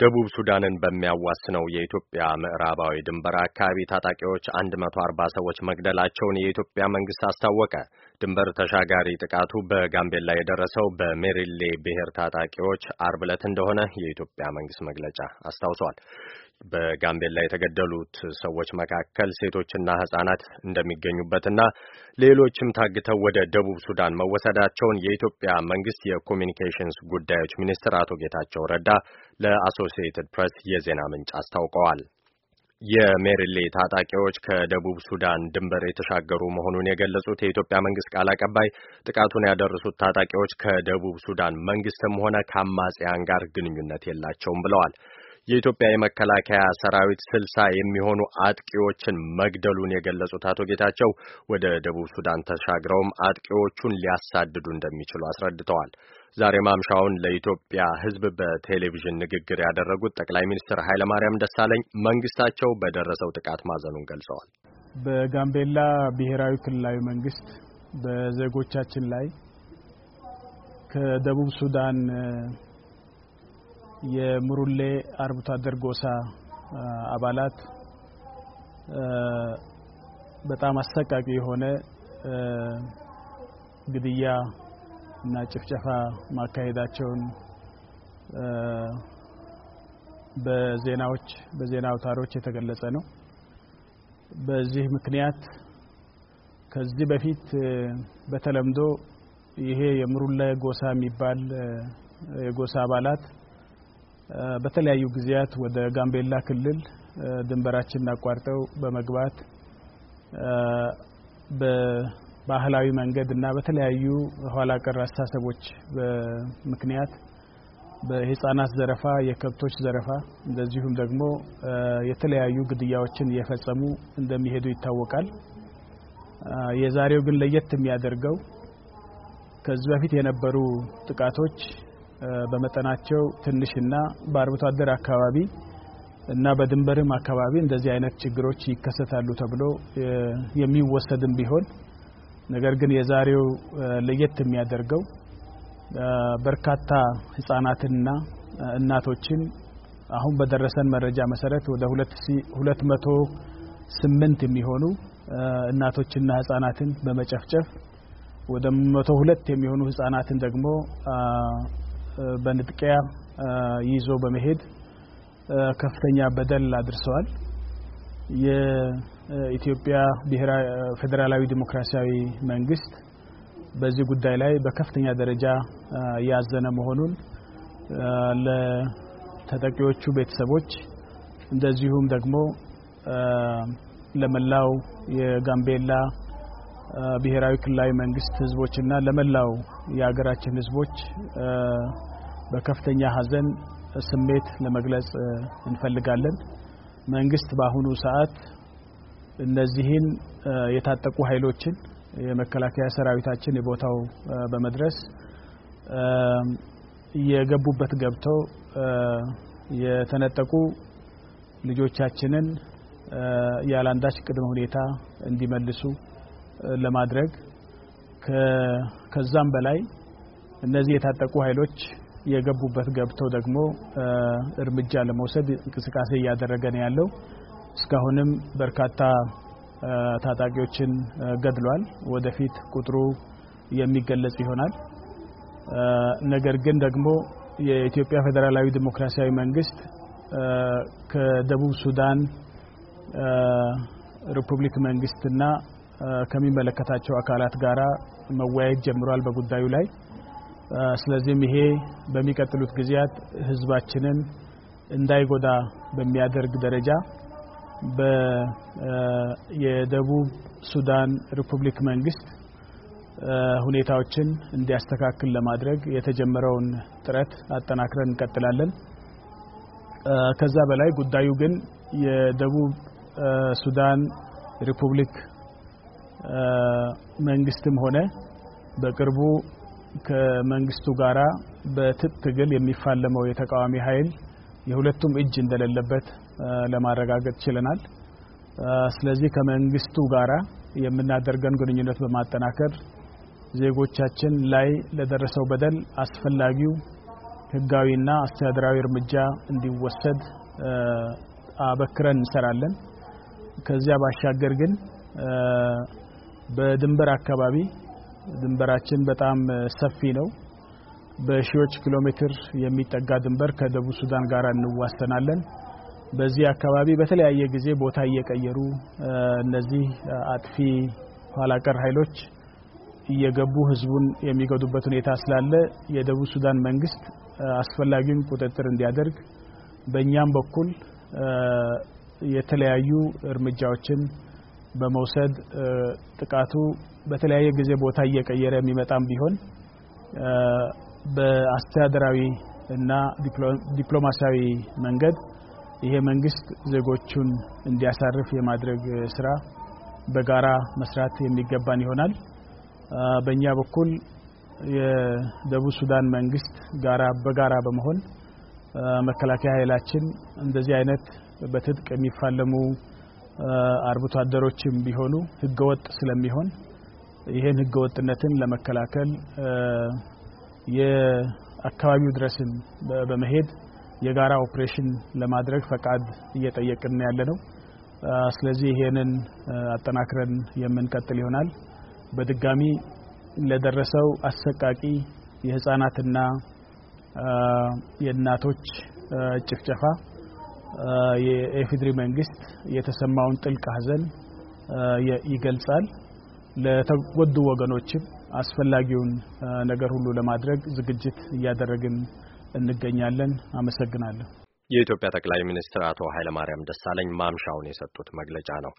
ደቡብ ሱዳንን በሚያዋስነው የኢትዮጵያ ምዕራባዊ ድንበር አካባቢ ታጣቂዎች 140 ሰዎች መግደላቸውን የኢትዮጵያ መንግስት አስታወቀ። ድንበር ተሻጋሪ ጥቃቱ በጋምቤላ የደረሰው በሜሪሌ ብሔር ታጣቂዎች አርብ ዕለት እንደሆነ የኢትዮጵያ መንግስት መግለጫ አስታውሷል። በጋምቤላ የተገደሉት ሰዎች መካከል ሴቶችና ህጻናት እንደሚገኙበትና ሌሎችም ታግተው ወደ ደቡብ ሱዳን መወሰዳቸውን የኢትዮጵያ መንግስት የኮሚኒኬሽንስ ጉዳዮች ሚኒስትር አቶ ጌታቸው ረዳ ለአሶሲየትድ ፕሬስ የዜና ምንጭ አስታውቀዋል። የሜሪሌ ታጣቂዎች ከደቡብ ሱዳን ድንበር የተሻገሩ መሆኑን የገለጹት የኢትዮጵያ መንግስት ቃል አቀባይ ጥቃቱን ያደረሱት ታጣቂዎች ከደቡብ ሱዳን መንግስትም ሆነ ከአማጽያን ጋር ግንኙነት የላቸውም ብለዋል። የኢትዮጵያ የመከላከያ ሰራዊት ስልሳ የሚሆኑ አጥቂዎችን መግደሉን የገለጹት አቶ ጌታቸው ወደ ደቡብ ሱዳን ተሻግረውም አጥቂዎቹን ሊያሳድዱ እንደሚችሉ አስረድተዋል። ዛሬ ማምሻውን ለኢትዮጵያ ሕዝብ በቴሌቪዥን ንግግር ያደረጉት ጠቅላይ ሚኒስትር ኃይለማርያም ደሳለኝ መንግስታቸው በደረሰው ጥቃት ማዘኑን ገልጸዋል። በጋምቤላ ብሔራዊ ክልላዊ መንግስት በዜጎቻችን ላይ ከደቡብ ሱዳን የሙሩሌ አርብቶ አደር ጎሳ አባላት በጣም አሰቃቂ የሆነ ግድያ እና ጭፍጨፋ ማካሄዳቸውን በዜናዎች በዜና አውታሮች የተገለጸ ነው። በዚህ ምክንያት ከዚህ በፊት በተለምዶ ይሄ የምሩላ ጎሳ የሚባል የጎሳ አባላት በተለያዩ ጊዜያት ወደ ጋምቤላ ክልል ድንበራችንን አቋርጠው በመግባት ባህላዊ መንገድ እና በተለያዩ ኋላ ቀር አስተሳሰቦች ምክንያት በህፃናት ዘረፋ፣ የከብቶች ዘረፋ እንደዚሁም ደግሞ የተለያዩ ግድያዎችን እየፈጸሙ እንደሚሄዱ ይታወቃል። የዛሬው ግን ለየት የሚያደርገው ከዚህ በፊት የነበሩ ጥቃቶች በመጠናቸው ትንሽና በአርብቶ አደር አካባቢ እና በድንበርም አካባቢ እንደዚህ አይነት ችግሮች ይከሰታሉ ተብሎ የሚወሰድም ቢሆን ነገር ግን የዛሬው ለየት የሚያደርገው በርካታ ህጻናትንና እናቶችን አሁን በደረሰን መረጃ መሰረት ወደ 208 የሚሆኑ እናቶችና ህጻናትን በመጨፍጨፍ ወደ 102 የሚሆኑ ህጻናትን ደግሞ በንጥቂያ ይዞ በመሄድ ከፍተኛ በደል አድርሰዋል። የኢትዮጵያ ብሔራዊ ፌዴራላዊ ዲሞክራሲያዊ መንግስት በዚህ ጉዳይ ላይ በከፍተኛ ደረጃ ያዘነ መሆኑን ለተጠቂዎቹ ቤተሰቦች እንደዚሁም ደግሞ ለመላው የጋምቤላ ብሔራዊ ክልላዊ መንግስት ህዝቦችና ለመላው የሀገራችን ህዝቦች በከፍተኛ ሀዘን ስሜት ለመግለጽ እንፈልጋለን። መንግስት በአሁኑ ሰዓት እነዚህን የታጠቁ ኃይሎችን የመከላከያ ሰራዊታችን የቦታው በመድረስ የገቡበት ገብተው የተነጠቁ ልጆቻችንን ያላንዳች ቅድመ ሁኔታ እንዲመልሱ ለማድረግ ከዛም በላይ እነዚህ የታጠቁ ኃይሎች የገቡበት ገብተው ደግሞ እርምጃ ለመውሰድ እንቅስቃሴ እያደረገ ነው ያለው። እስካሁንም በርካታ ታጣቂዎችን ገድሏል። ወደፊት ቁጥሩ የሚገለጽ ይሆናል። ነገር ግን ደግሞ የኢትዮጵያ ፌዴራላዊ ዲሞክራሲያዊ መንግስት ከደቡብ ሱዳን ሪፑብሊክ መንግስትና ከሚመለከታቸው አካላት ጋራ መወያየት ጀምሯል በጉዳዩ ላይ ስለዚህም ይሄ በሚቀጥሉት ጊዜያት ህዝባችንን እንዳይጎዳ በሚያደርግ ደረጃ የደቡብ ሱዳን ሪፑብሊክ መንግስት ሁኔታዎችን እንዲያስተካክል ለማድረግ የተጀመረውን ጥረት አጠናክረን እንቀጥላለን። ከዛ በላይ ጉዳዩ ግን የደቡብ ሱዳን ሪፑብሊክ መንግስትም ሆነ በቅርቡ ከመንግስቱ ጋር በትጥቅ ትግል የሚፋለመው የተቃዋሚ ኃይል የሁለቱም እጅ እንደሌለበት ለማረጋገጥ ችለናል። ስለዚህ ከመንግስቱ ጋር የምናደርገን ግንኙነት በማጠናከር ዜጎቻችን ላይ ለደረሰው በደል አስፈላጊው ህጋዊና አስተዳደራዊ እርምጃ እንዲወሰድ አበክረን እንሰራለን። ከዚያ ባሻገር ግን በድንበር አካባቢ ድንበራችን በጣም ሰፊ ነው። በሺዎች ኪሎ ሜትር የሚጠጋ ድንበር ከደቡብ ሱዳን ጋር እንዋሰናለን። በዚህ አካባቢ በተለያየ ጊዜ ቦታ እየቀየሩ እነዚህ አጥፊ ኋላቀር ኃይሎች እየገቡ ህዝቡን የሚገዱበት ሁኔታ ስላለ የደቡብ ሱዳን መንግስት አስፈላጊውን ቁጥጥር እንዲያደርግ በእኛም በኩል የተለያዩ እርምጃዎችን በመውሰድ ጥቃቱ በተለያየ ጊዜ ቦታ እየቀየረ የሚመጣም ቢሆን በአስተዳደራዊ እና ዲፕሎማሲያዊ መንገድ ይሄ መንግስት ዜጎቹን እንዲያሳርፍ የማድረግ ስራ በጋራ መስራት የሚገባን ይሆናል። በእኛ በኩል የደቡብ ሱዳን መንግስት ጋራ በጋራ በመሆን መከላከያ ኃይላችን እንደዚህ አይነት በትጥቅ የሚፋለሙ አርብቶ አደሮችም ቢሆኑ ህገወጥ ስለሚሆን ይህን ህገወጥነትን ለመከላከል የአካባቢው ድረስም በመሄድ የጋራ ኦፕሬሽን ለማድረግ ፈቃድ እየጠየቅን ያለ ነው። ስለዚህ ይሄንን አጠናክረን የምንቀጥል ይሆናል። በድጋሚ ለደረሰው አሰቃቂ የህፃናትና የእናቶች ጭፍጨፋ የኢፌዴሪ መንግስት የተሰማውን ጥልቅ ሐዘን ይገልጻል። ለተጎዱ ወገኖችም አስፈላጊውን ነገር ሁሉ ለማድረግ ዝግጅት እያደረግን እንገኛለን። አመሰግናለሁ። የኢትዮጵያ ጠቅላይ ሚኒስትር አቶ ኃይለማርያም ደሳለኝ ማምሻውን የሰጡት መግለጫ ነው።